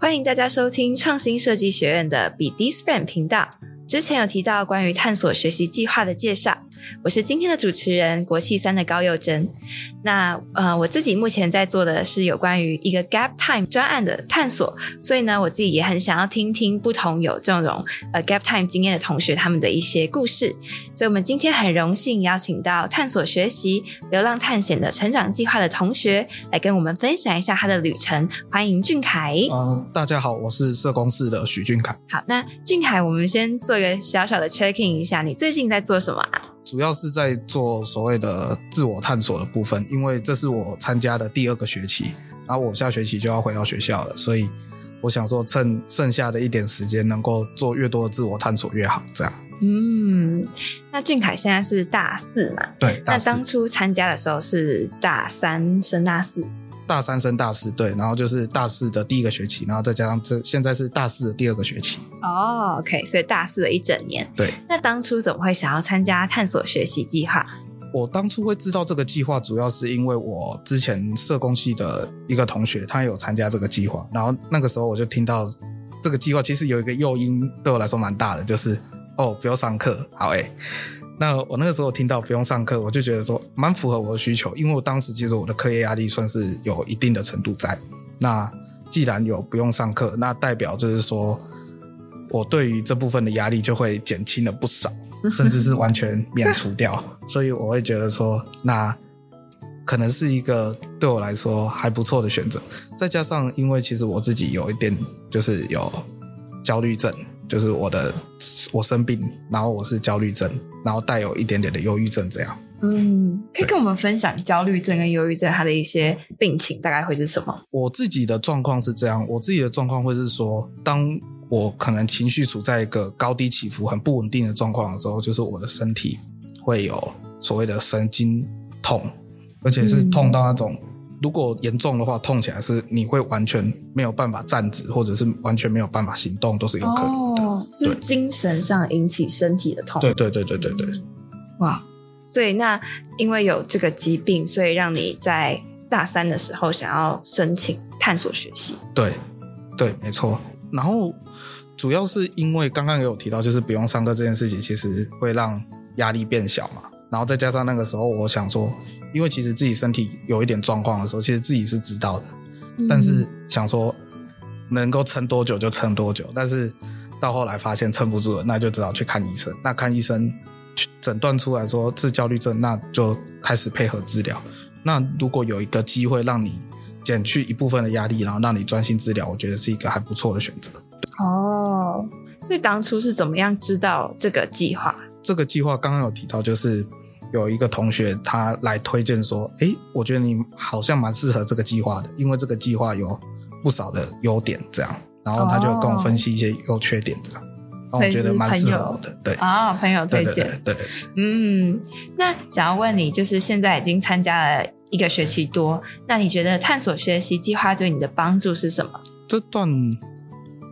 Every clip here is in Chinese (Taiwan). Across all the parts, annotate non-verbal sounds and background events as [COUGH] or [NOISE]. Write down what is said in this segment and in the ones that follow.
歡迎大家收聽創新設計學院的 Be D's Friend 頻道。之前有提到關於探索學習計劃的介紹。我是今天的主持人，國企三的高佑真。那呃，我自己目前在做的是有關於一個 gap time 專案的探索，所以呢，我自己也很想要聽聽不同有這種呃 gap time 經驗的同學他們的一些故事。所以，我們今天很榮幸邀請到探索學習、流浪探險的成長計劃的同學來跟我們分享一下他的旅程。歡迎峻愷。嗯、呃，大家好，我是社工室的許峻愷。好，那峻愷，我們先做一個小小的 check in 一下，你最近在做什麼啊？主要是在做所謂的自我探索的部分，因為這是我參加的第二個學期，然後我下學期就要回到學校了，所以我想說，趁剩下的一點時間，能夠做越多的自我探索越好。這樣，嗯，那峻愷現在是大四嘛？對，那當初參加的時候是大三升大四。大三升大四，對，然後就是大四的第一個學期，然後再加上這現在是大四的第二個學期。哦，OK，所以大四的一整年。對，那當初怎麼會想要參加探索學習計劃？我當初會知道這個計劃，主要是因為我之前社工系的一個同學，他有參加這個計劃，然後那個時候我就聽到這個計劃，其實有一個誘因對我來說蠻大的，就是哦，不要上課，好誒。那我那個時候聽到不用上課，我就覺得說蠻符合我的需求，因為我當時其實我的課業壓力算是有一定的程度在。那既然有不用上課，那代表就是說我對於這部分的壓力就會減輕了不少，甚至是完全免除掉。所以我會覺得說，那可能是一個對我來說還不錯的選擇。再加上，因為其實我自己有一點就是有焦慮症，就是我的。我生病，然後我是焦慮症，然後帶有一點點的憂鬱症這樣。嗯，可以跟我們分享焦慮症跟憂鬱症它的一些病情大概會是什麼？我自己的狀況是這樣，我自己的狀況會是說，當我可能情緒處在一個高低起伏，很不穩定的狀況的時候，就是我的身體會有所謂的神經痛，而且是痛到那種。如果嚴重的話，痛起來是你會完全沒有辦法站直，或者是完全沒有辦法行動，都是有可能的。哦，是精神上引起身體的痛。對對對對對對。哇，所以那因為有這個疾病，所以讓你在大三的時候想要申請探索學習。對，對，沒錯。然後主要是因為剛剛也有提到，就是不用上課這件事情，其實會讓壓力變小嘛。然後再加上那個時候，我想說，因為其實自己身體有一點狀況的時候，其實自己是知道的，但是想說能夠撐多久就撐多久。但是到後來發現撐不住了，那就只好去看醫生。那看醫生診斷出來說是焦慮症，那就開始配合治療。那如果有一個機會讓你減去一部分的壓力，然後讓你專心治療，我覺得是一個還不錯的選擇。哦，所以當初是怎麼樣知道這個計劃？這個計劃剛剛有提到，就是。有一個同學，他來推薦說：“哎，我覺得你好像蠻適合這個計劃的，因為這個計劃有不少的優點。”這樣，然後他就跟我分析一些優缺點，這樣，哦、然後我覺得蠻適合我的。對，啊、哦，朋友推薦，對，對，對，對，對，對，嗯，那想要問你，就是現在已經參加了一個學期多，對那你覺得探索學習計劃對你的幫助是什麼？這段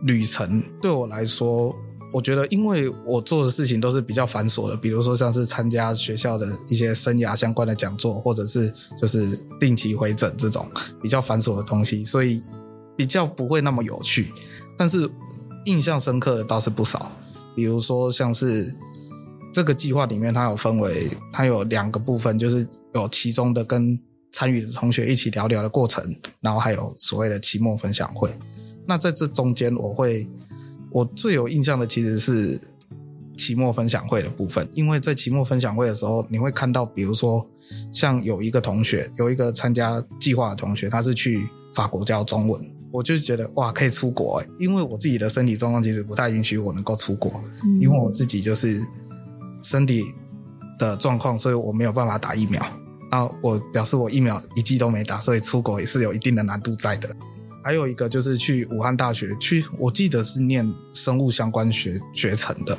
旅程對我來說。我覺得，因為我做的事情都是比較繁瑣的，比如說像是參加學校的一些生涯相關的講座，或者是就是定期回診這種比較繁瑣的東西，所以比較不會那麼有趣。但是，印象深刻的倒是不少，比如說像是這個計劃裡面，它有分為它有兩個部分，就是有其中的跟參與的同學一起聊聊的過程，然後還有所謂的期末分享會。那在這中間，我會。我最有印象的其實是期末分享會的部分，因為在期末分享會的時候，你會看到，比如說像有一個同學，有一個參加計劃的同學，他是去法國教中文，我就覺得哇，可以出國欸！因為我自己的身體狀況其實不太允許我能夠出國，因為我自己就是身體的狀況，所以我沒有辦法打疫苗。那我表示我疫苗一劑都沒打，所以出國也是有一定的難度在的。還有一個就是去武漢大學去，我記得是念生物相關學學程的，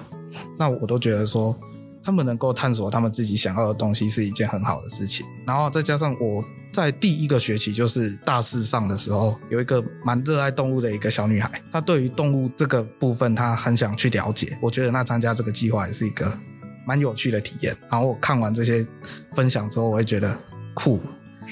那我都覺得說他們能夠探索他們自己想要的東西是一件很好的事情。然後再加上我在第一個學期就是大四上的時候，有一個蠻熱愛動物的一個小女孩，她對於動物這個部分她很想去了解，我覺得那參加這個計劃也是一個蠻有趣的體驗。然後我看完這些分享之後，我會覺得酷。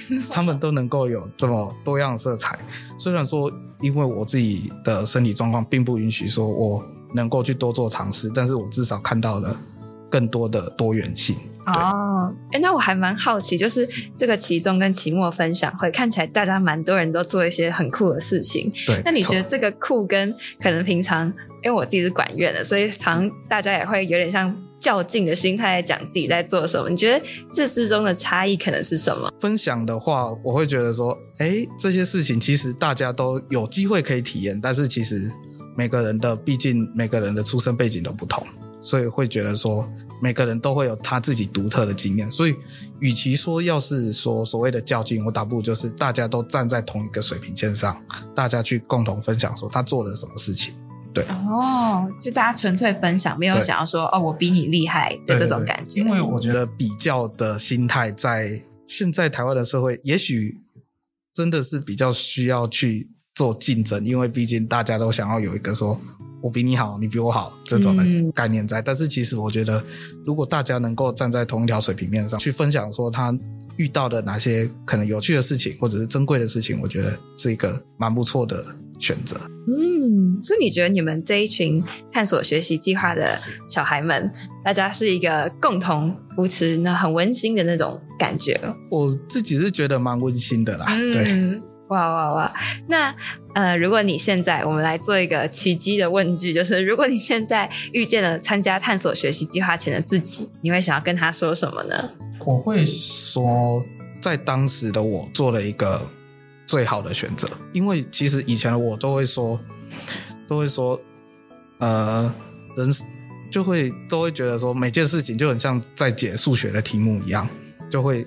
[LAUGHS] 他們都能夠有這麼多樣的色彩，雖然說因為我自己的身體狀況並不允許，說我能夠去多做嘗試，但是我至少看到了更多的多元性。哦、欸，那我還蠻好奇，就是這個期中跟期末分享會，看起來大家蠻多人都做一些很酷的事情。對，那你覺得這個酷跟可能平常？因為我自己是管院的，所以常常大家也會有點像較勁的心態來講自己在做什麼。你覺得這之中的差異可能是什麼？分享的話，我會覺得說，哎，這些事情其實大家都有機會可以體驗，但是其實每個人的畢竟每個人的出生背景都不同，所以會覺得說，每個人都會有他自己獨特的經驗。所以，與其說要是說所,所謂的較勁，我倒不就是大家都站在同一個水平線上，大家去共同分享說他做了什麼事情。對哦，就大家純粹分享，沒有想要說對哦，我比你厲害的這種感覺，對對對。因為我覺得比較的心態在現在台灣的社會，也許真的是比較需要去做競爭，因為畢竟大家都想要有一個說我比你好，你比我好這種的概念在。嗯。但是其實我覺得，如果大家能夠站在同一條水平面上去分享，說他遇到的哪些可能有趣的事情，或者是珍貴的事情，我覺得是一個蠻不錯的。選擇，嗯，所以你覺得你們這一群探索學習計劃的小孩們，是大家是一個共同扶持、那很溫馨的那種感覺？我自己是覺得蠻溫馨的啦。嗯、對，哇哇哇！那呃，如果你現在我們來做一個奇蹟的問句，就是如果你現在遇見了參加探索學習計劃前的自己，你會想要跟他說什麼呢？我會說，在當時的我做了一個。最好的選擇，因為其實以前的我都會說，都會說，呃，人就會都會覺得說，每件事情就很像在解數學的題目一樣，就會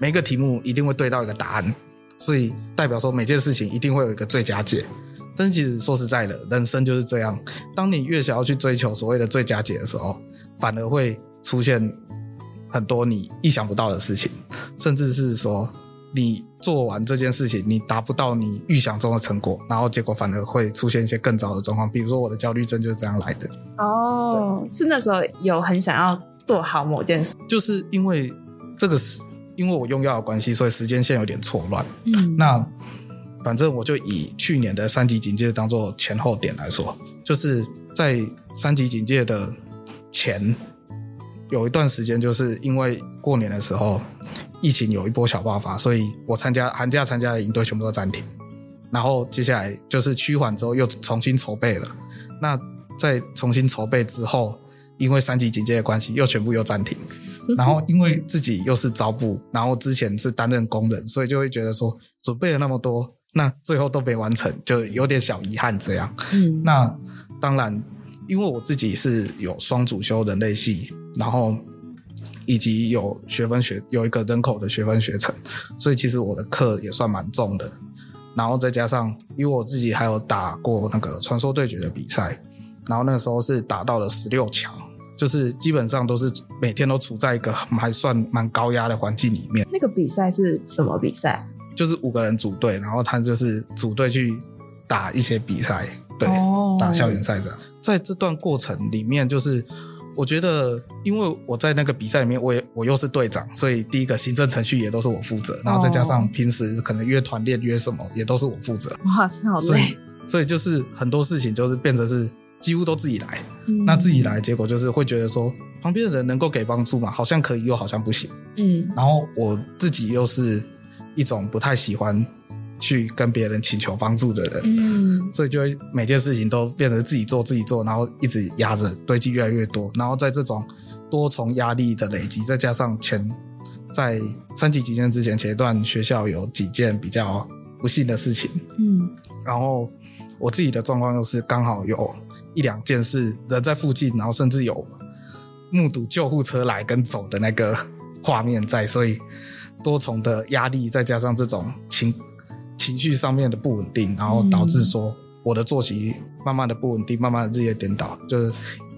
每個題目一定會對到一個答案，所以代表說每件事情一定會有一個最佳解。但其實說實在的，人生就是這樣，當你越想要去追求所謂的最佳解的時候，反而會出現很多你意想不到的事情，甚至是說。你做完這件事情，你達不到你預想中的成果，然後結果反而會出現一些更糟的狀況。比如說我的焦慮症就是這樣來的。哦，對是那時候有很想要做好某件事，就是因為這個是因為我用藥的關係，所以時間線有點錯亂。嗯，那反正我就以去年的三級警戒當做前後點來說，就是在三級警戒的前有一段時間，就是因為過年的時候。疫情有一波小爆發，所以我參加寒假參加的營隊全部都暫停，然後接下來就是趨緩之後又重新籌備了。那在重新籌備之後，因為三級警戒的關係，又全部又暫停。是是，然後因為自己又是招募，嗯、然後之前是擔任工人，所以就會覺得說準備了那麼多，那最後都沒完成，就有點小遺憾這樣。嗯、那當然，因為我自己是有雙主修人類系，然後。以及有學分學有一個人口的學分學程，所以其實我的課也算蠻重的。然後再加上，因為我自己還有打過那個傳說對決的比賽，然後那個時候是打到了十六強，就是基本上都是每天都處在一個還算蠻高壓的環境裡面。那個比賽是什麼比賽？就是五個人組隊，然後他就是組隊去打一些比賽，對，哦、打校園賽這樣。在這段過程裡面，就是。我覺得，因為我在那個比賽裡面，我也我又是隊長，所以第一個行政程序也都是我負責，然後再加上平時可能約團練、約什麼也都是我負責。哦、哇，真好累。所以，所以就是很多事情就是變成是幾乎都自己來，嗯、那自己來，結果就是會覺得說旁邊的人能夠給幫助嘛，好像可以，又好像不行。嗯，然後我自己又是一種不太喜歡。去跟別人請求幫助的人，嗯，所以就會每件事情都變成自己做自己做，然後一直壓着堆積越來越多，然後在這種多重壓力的累積，再加上前在三級警戒之前前一段學校有幾件比較不幸的事情，嗯，然後我自己的狀況又是剛好有一兩件事人在附近，然後甚至有目睹救護車來跟走的那個畫面在，所以多重的壓力再加上這種情。情緒上面的不穩定，然後導致說我的作息慢慢的不穩定，嗯、慢慢的日夜顛倒，就是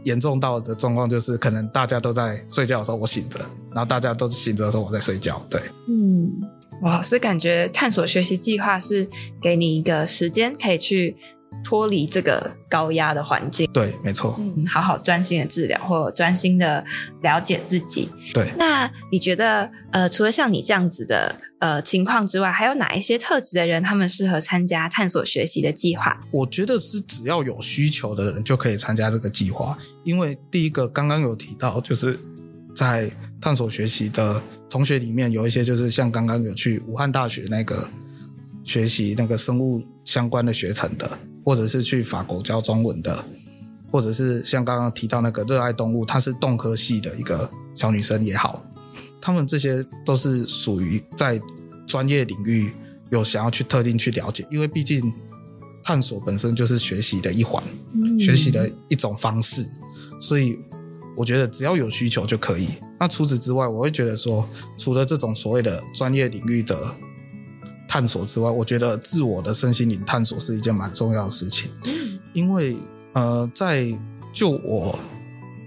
嚴重到的狀況就是可能大家都在睡覺的時候我醒着，然後大家都醒着的時候我在睡覺。對，嗯，我好像感覺探索學習計劃是給你一個時間可以去。脫離這個高壓的環境，對，沒錯，嗯，好好專心的治療，或專心的了解自己，對。那你覺得，呃，除了像你這樣子的呃情況之外，還有哪一些特質的人，他們適合參加探索學習的計劃？我覺得是只要有需求的人就可以參加這個計劃，因為第一個剛剛有提到，就是在探索學習的同學裡面，有一些就是像剛剛有去武漢大學那個學習那個生物相關的學程的。或者是去法國教中文的，或者是像剛剛提到那個熱愛動物，她是動科系的一個小女生也好，他們這些都是屬於在專業領域有想要去特定去了解，因為畢竟探索本身就是學習的一環，嗯、學習的一種方式，所以我覺得只要有需求就可以。那除此之外，我會覺得說，除了這種所謂的專業領域的。探索之外，我覺得自我的身心靈探索是一件蠻重要的事情，因為呃，在就我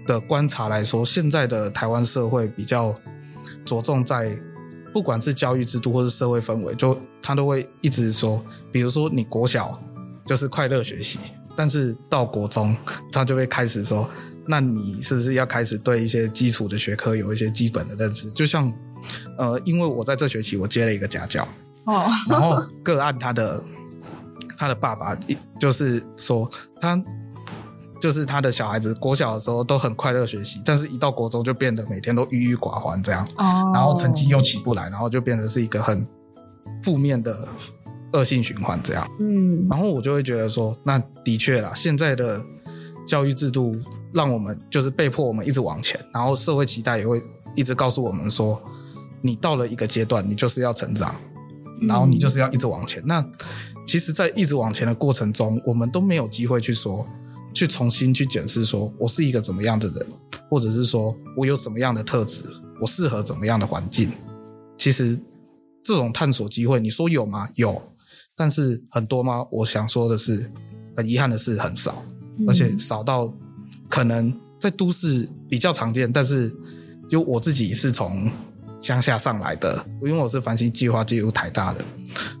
的觀察來說，現在的台灣社會比較着重在不管是教育制度或是社會氛圍，就他都會一直說，比如說你國小就是快樂學習，但是到國中，他就會開始說，那你是不是要開始對一些基礎的學科有一些基本的認知？就像呃，因為我在這學期我接了一個家教。哦，然後個案他的 [LAUGHS] 他的爸爸就是說，他就是他的小孩子國小的時候都很快樂學習，但是一到國中就變得每天都鬱鬱寡歡這樣，哦、然後成績又起不來，然後就變得是一個很負面的惡性循環這樣。嗯，然後我就會覺得說，那的確啦，現在的教育制度讓我們就是被迫我們一直往前，然後社會期待也會一直告訴我們說，你到了一個階段，你就是要成長。然後你就是要一直往前。那其實，在一直往前的過程中，我們都沒有機會去說，去重新去檢視，說我是一個怎麼樣的人，或者是說我有什麼樣的特質，我適合怎麼樣的環境。其實這種探索機會，你說有嗎？有，但是很多嗎？我想說的是，很遺憾的是很少，而且少到可能在都市比較常見，但是就我自己是從。鄉下上來的，因為我是繁星計劃進入台大的，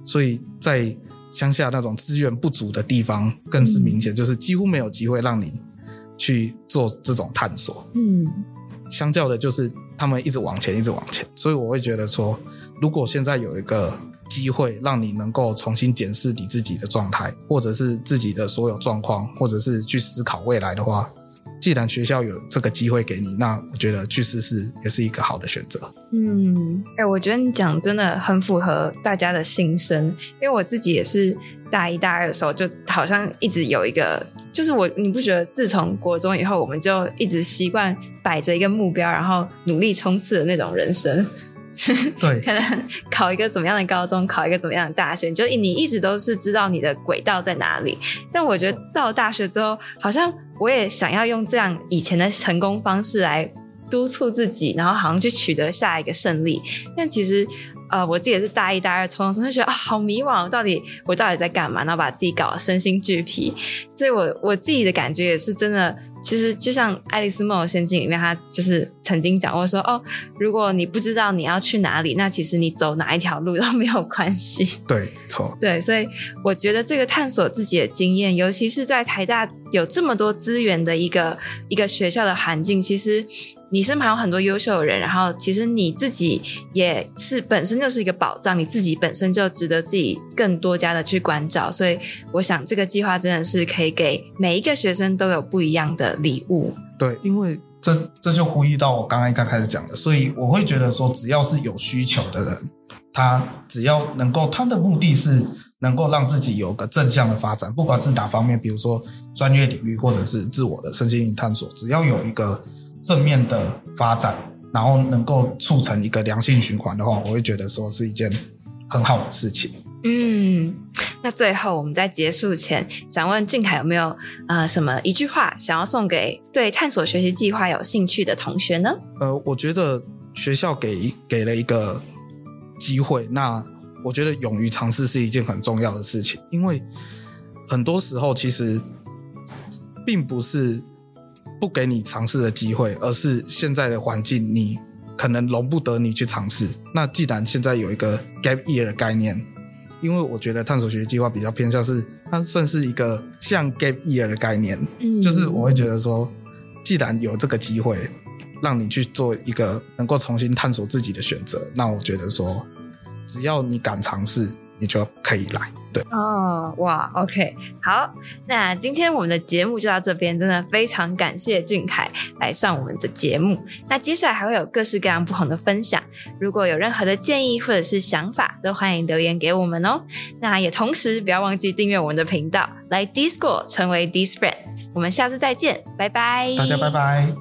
所以在鄉下那種資源不足的地方，更是明顯，嗯、就是幾乎沒有機會讓你去做這種探索。嗯，相較的，就是他們一直往前，一直往前。所以我會覺得說，如果現在有一個機會讓你能夠重新檢視你自己的狀態，或者是自己的所有狀況，或者是去思考未來的話。既然學校有這個機會給你，那我覺得去試試也是一個好的選擇。嗯，哎、欸，我覺得你講真的很符合大家的心聲，因為我自己也是大一、大二的時候，就好像一直有一個，就是我，你不覺得自從國中以後，我們就一直習慣擺着一個目標，然後努力衝刺的那種人生。對， [LAUGHS] 可能考一個怎麼樣的高中，考一個怎麼樣的大學，就你一直都是知道你的軌道在哪裡。但我覺得到了大學之後，好像我也想要用這樣以前的成功方式來督促自己，然後好像去取得下一個勝利。但其實。呃，我自己也是大一大二，從從就覺得啊、哦，好迷惘，到底我到底在幹嘛，然後把自己搞得身心俱疲。所以我我自己的感覺也是真的，其實就像《愛麗絲夢遊仙境》裡面，他就是曾經講過說，哦，如果你不知道你要去哪裡，那其實你走哪一條路都沒有關係。對，錯，對，所以我覺得這個探索自己的經驗，尤其是在台大有這麼多資源的一個一個學校的環境，其實。你身旁有很多優秀的人，然後其實你自己也是本身就是一個寶藏，你自己本身就值得自己更多加的去關照。所以，我想這個計劃真的是可以給每一個學生都有不一樣的禮物。對，因為這這就呼應到我剛剛一開始講的，所以我會覺得說，只要是有需求的人，他只要能夠，他的目的是能夠讓自己有個正向的發展，不管是哪方面，比如說專業領域，或者是自我的身心靈探索，只要有一個。正面的發展，然後能夠促成一個良性循環的話，我會覺得說是一件很好的事情。嗯，那最後我們在結束前，想問峻愷有沒有呃什麼一句話想要送給對探索學習計劃有興趣的同學呢？呃，我覺得學校給給了一個機會，那我覺得勇於嘗試是一件很重要的事情，因為很多時候其實並不是。不給你嘗試的機會，而是現在的環境你可能容不得你去嘗試。那既然現在有一個 gap year 的概念，因為我覺得探索學習計劃比較偏向是，它算是一個像 gap year 的概念。嗯，就是我會覺得說，既然有這個機會，讓你去做一個能夠重新探索自己的選擇，那我覺得說，只要你敢嘗試，你就可以來。哦，哇對、oh, wow,，OK，好，那今天我們的節目就到這邊，真的非常感謝峻愷來上我們的節目。那接下來還會有各式各樣不同的分享，如果有任何的建議或者是想法，都歡迎留言給我們哦。那也同時不要忘記訂閱我們的頻道，來 D-School 成為 D-Friend。我們下次再見，拜拜，大家拜拜。